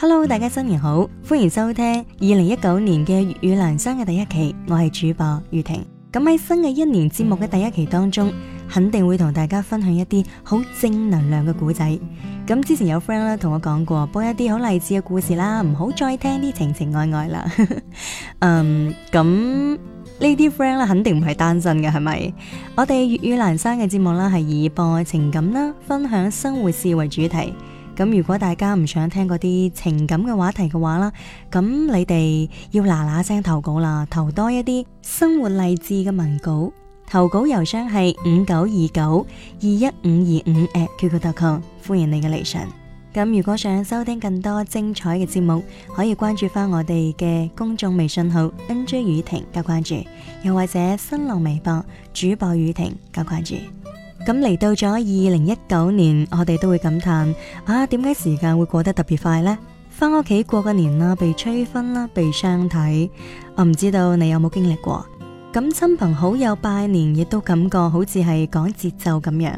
Hello，大家新年好，歡迎收聽二零一九年嘅粵語闌珊嘅第一期，我係主播雨婷。咁喺新嘅一年節目嘅第一期當中，肯定會同大家分享一啲好正能量嘅故仔。咁之前有 friend 咧同我講過，播一啲好勵志嘅故事啦，唔好再聽啲情情愛愛啦。嗯、 um，咁呢啲 friend 咧肯定唔係單身嘅，係咪？我哋粵語闌珊嘅節目啦，係以播情感啦、分享生活事為主題。咁如果大家唔想聽嗰啲情感嘅話題嘅話啦，咁你哋要嗱嗱聲投稿啦，投多一啲生活勵志嘅文稿。投稿郵箱係五九二九二一五二五 @qq.com，歡迎你嘅嚟信。咁如果想收聽更多精彩嘅節目，可以關注翻我哋嘅公眾微信號 N.J. 雨婷加關注，又或者新浪微博主播雨婷加關注。咁嚟到咗二零一九年，我哋都會感嘆啊，點解時間會過得特別快呢？翻屋企過個年啦，被催婚啦，被相睇，我唔知道你有冇經歷過。咁親朋好友拜年，亦都感覺好似係趕節奏咁樣。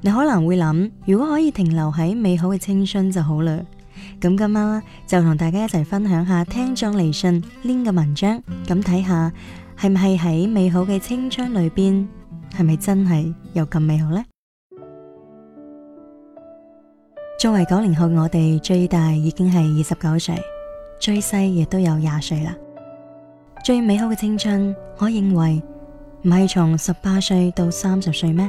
你可能會諗，如果可以停留喺美好嘅青春就好啦。咁今晚就同大家一齊分享下聽眾嚟信 LEE 嘅文章，咁睇下係唔係喺美好嘅青春裏邊。係咪真係有咁美好呢？作為九零後，我哋最大已經係二十九歲，最細亦都有廿歲啦。最美好嘅青春，我認為唔係從十八歲到三十歲咩？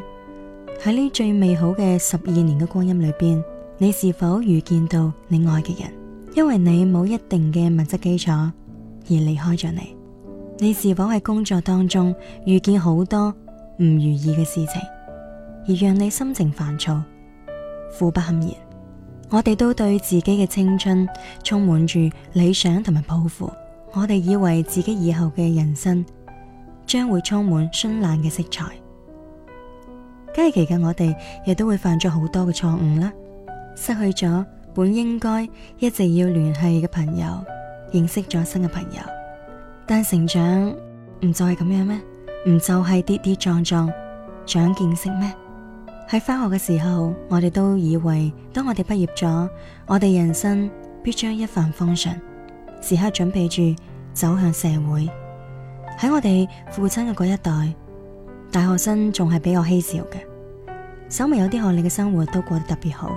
喺呢最美好嘅十二年嘅光陰裏邊，你是否遇見到你愛嘅人？因為你冇一定嘅物質基礎而離開咗你，你是否喺工作當中遇見好多？唔如意嘅事情，而讓你心情煩躁、苦不堪言。我哋都對自己嘅青春充滿住理想同埋抱負，我哋以為自己以後嘅人生將會充滿絢爛嘅色彩。佳期嘅我哋亦都會犯咗好多嘅錯誤啦，失去咗本應該一直要聯繫嘅朋友，認識咗新嘅朋友。但成長唔再係咁樣咩？唔就係跌跌撞撞長見識咩？喺翻學嘅時候，我哋都以為當我哋畢業咗，我哋人生必將一帆風順，時刻準備住走向社會。喺我哋父親嘅嗰一代，大學生仲係比較稀少嘅，稍微有啲學歷嘅生活都過得特別好。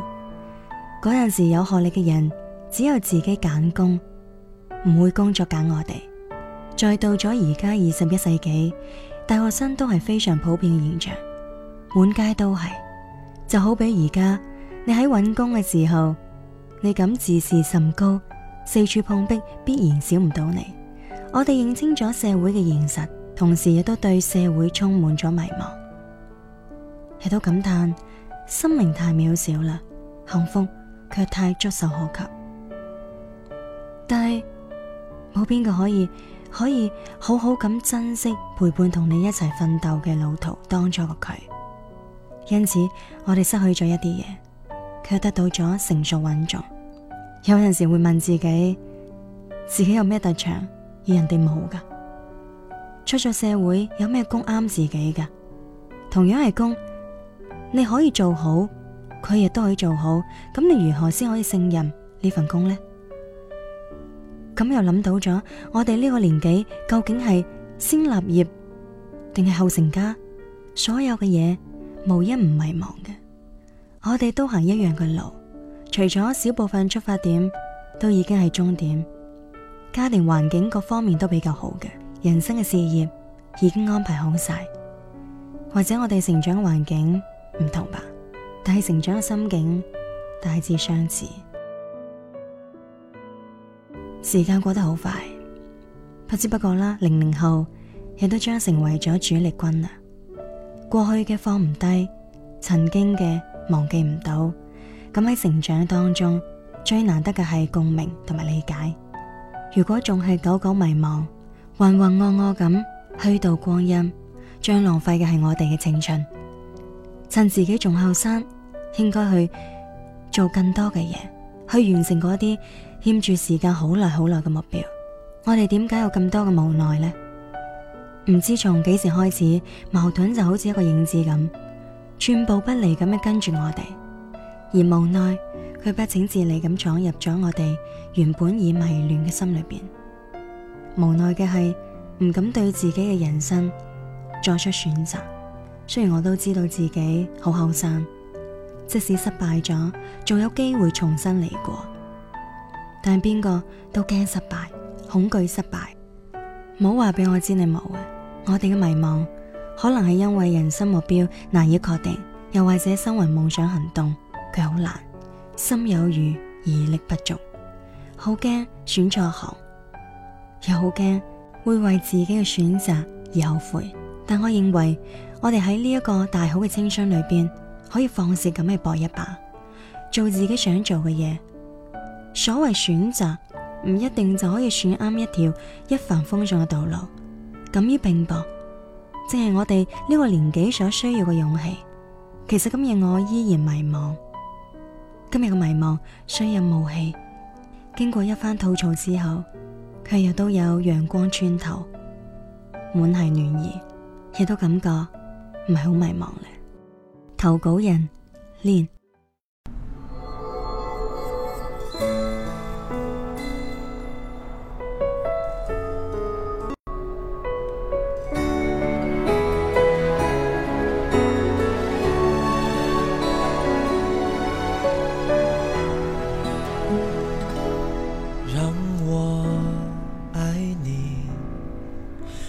嗰陣時有學歷嘅人只有自己揀工，唔會工作揀我哋。再到咗而家二十一世紀。大學生都係非常普遍嘅現象，滿街都係，就好比而家你喺揾工嘅時候，你敢自視甚高，四處碰壁必然少唔到你。我哋認清咗社會嘅現實，同時亦都對社會充滿咗迷茫，亦都感嘆生命太渺小啦，幸福卻太觸手可及，但係冇邊個可以。可以好好咁珍惜陪伴同你一齊奮鬥嘅路途當中嘅佢，因此我哋失去咗一啲嘢，卻得到咗成熟穩重。有陣時會問自己，自己有咩特長，而人哋冇噶？出咗社會有咩工啱自己噶？同樣係工，你可以做好，佢亦都可以做好，咁你如何先可以勝任呢份工咧？咁又諗到咗，我哋呢個年紀究竟係先立業定係後成家？所有嘅嘢無一唔迷茫嘅。我哋都行一樣嘅路，除咗少部分出發點都已經係終點。家庭環境各方面都比較好嘅，人生嘅事業已經安排好晒，或者我哋成長環境唔同吧，但係成長嘅心境大致相似。時間過得好快，不知不覺啦，零零後亦都將成為咗主力軍啦。過去嘅放唔低，曾經嘅忘記唔到，咁喺成長當中最難得嘅係共鳴同埋理解。如果仲係久久迷茫、渾渾噩噩咁虛度光陰，將浪費嘅係我哋嘅青春。趁自己仲後生，應該去做更多嘅嘢，去完成嗰啲欠住時間好耐好耐嘅目標，我哋點解有咁多嘅無奈呢？唔知從幾時開始，矛盾就好似一個影子咁，寸步不離咁樣跟住我哋，而無奈佢不請自嚟咁闖入咗我哋原本已迷亂嘅心裏邊。無奈嘅係唔敢對自己嘅人生作出選擇，雖然我都知道自己好後生，即使失敗咗，仲有機會重新嚟過。但係邊個都驚失敗，恐懼失敗，唔好話俾我知你冇嘅啊。我哋嘅迷茫可能係因為人生目標難以確定，又或者身懷夢想行動，佢好難，心有馀而力不足，好驚選錯行，又好驚會為自己嘅選擇而後悔。但我認為我哋喺呢一個大好嘅青春裏邊，可以放肆咁去搏一把，做自己想做嘅嘢。所謂選擇唔一定就可以選啱一條一帆風順嘅道路，敢於拼搏，正係我哋呢個年紀所需要嘅勇氣。其實今日我依然迷茫，今日嘅迷茫雖有霧氣，經過一番吐槽之後，卻又都有陽光穿透，滿係暖意，亦都感覺唔係好迷茫咧。投稿人：蓮。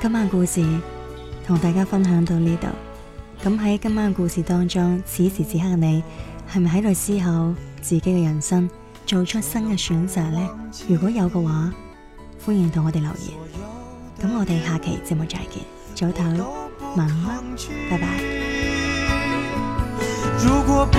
今晚故事同大家分享到呢度，咁喺今晚故事當中，此時此刻嘅你係咪喺度思考自己嘅人生，做出新嘅選擇呢？如果有嘅話，歡迎同我哋留言。咁我哋下期節目再見，早唞，晚安，拜拜。如果不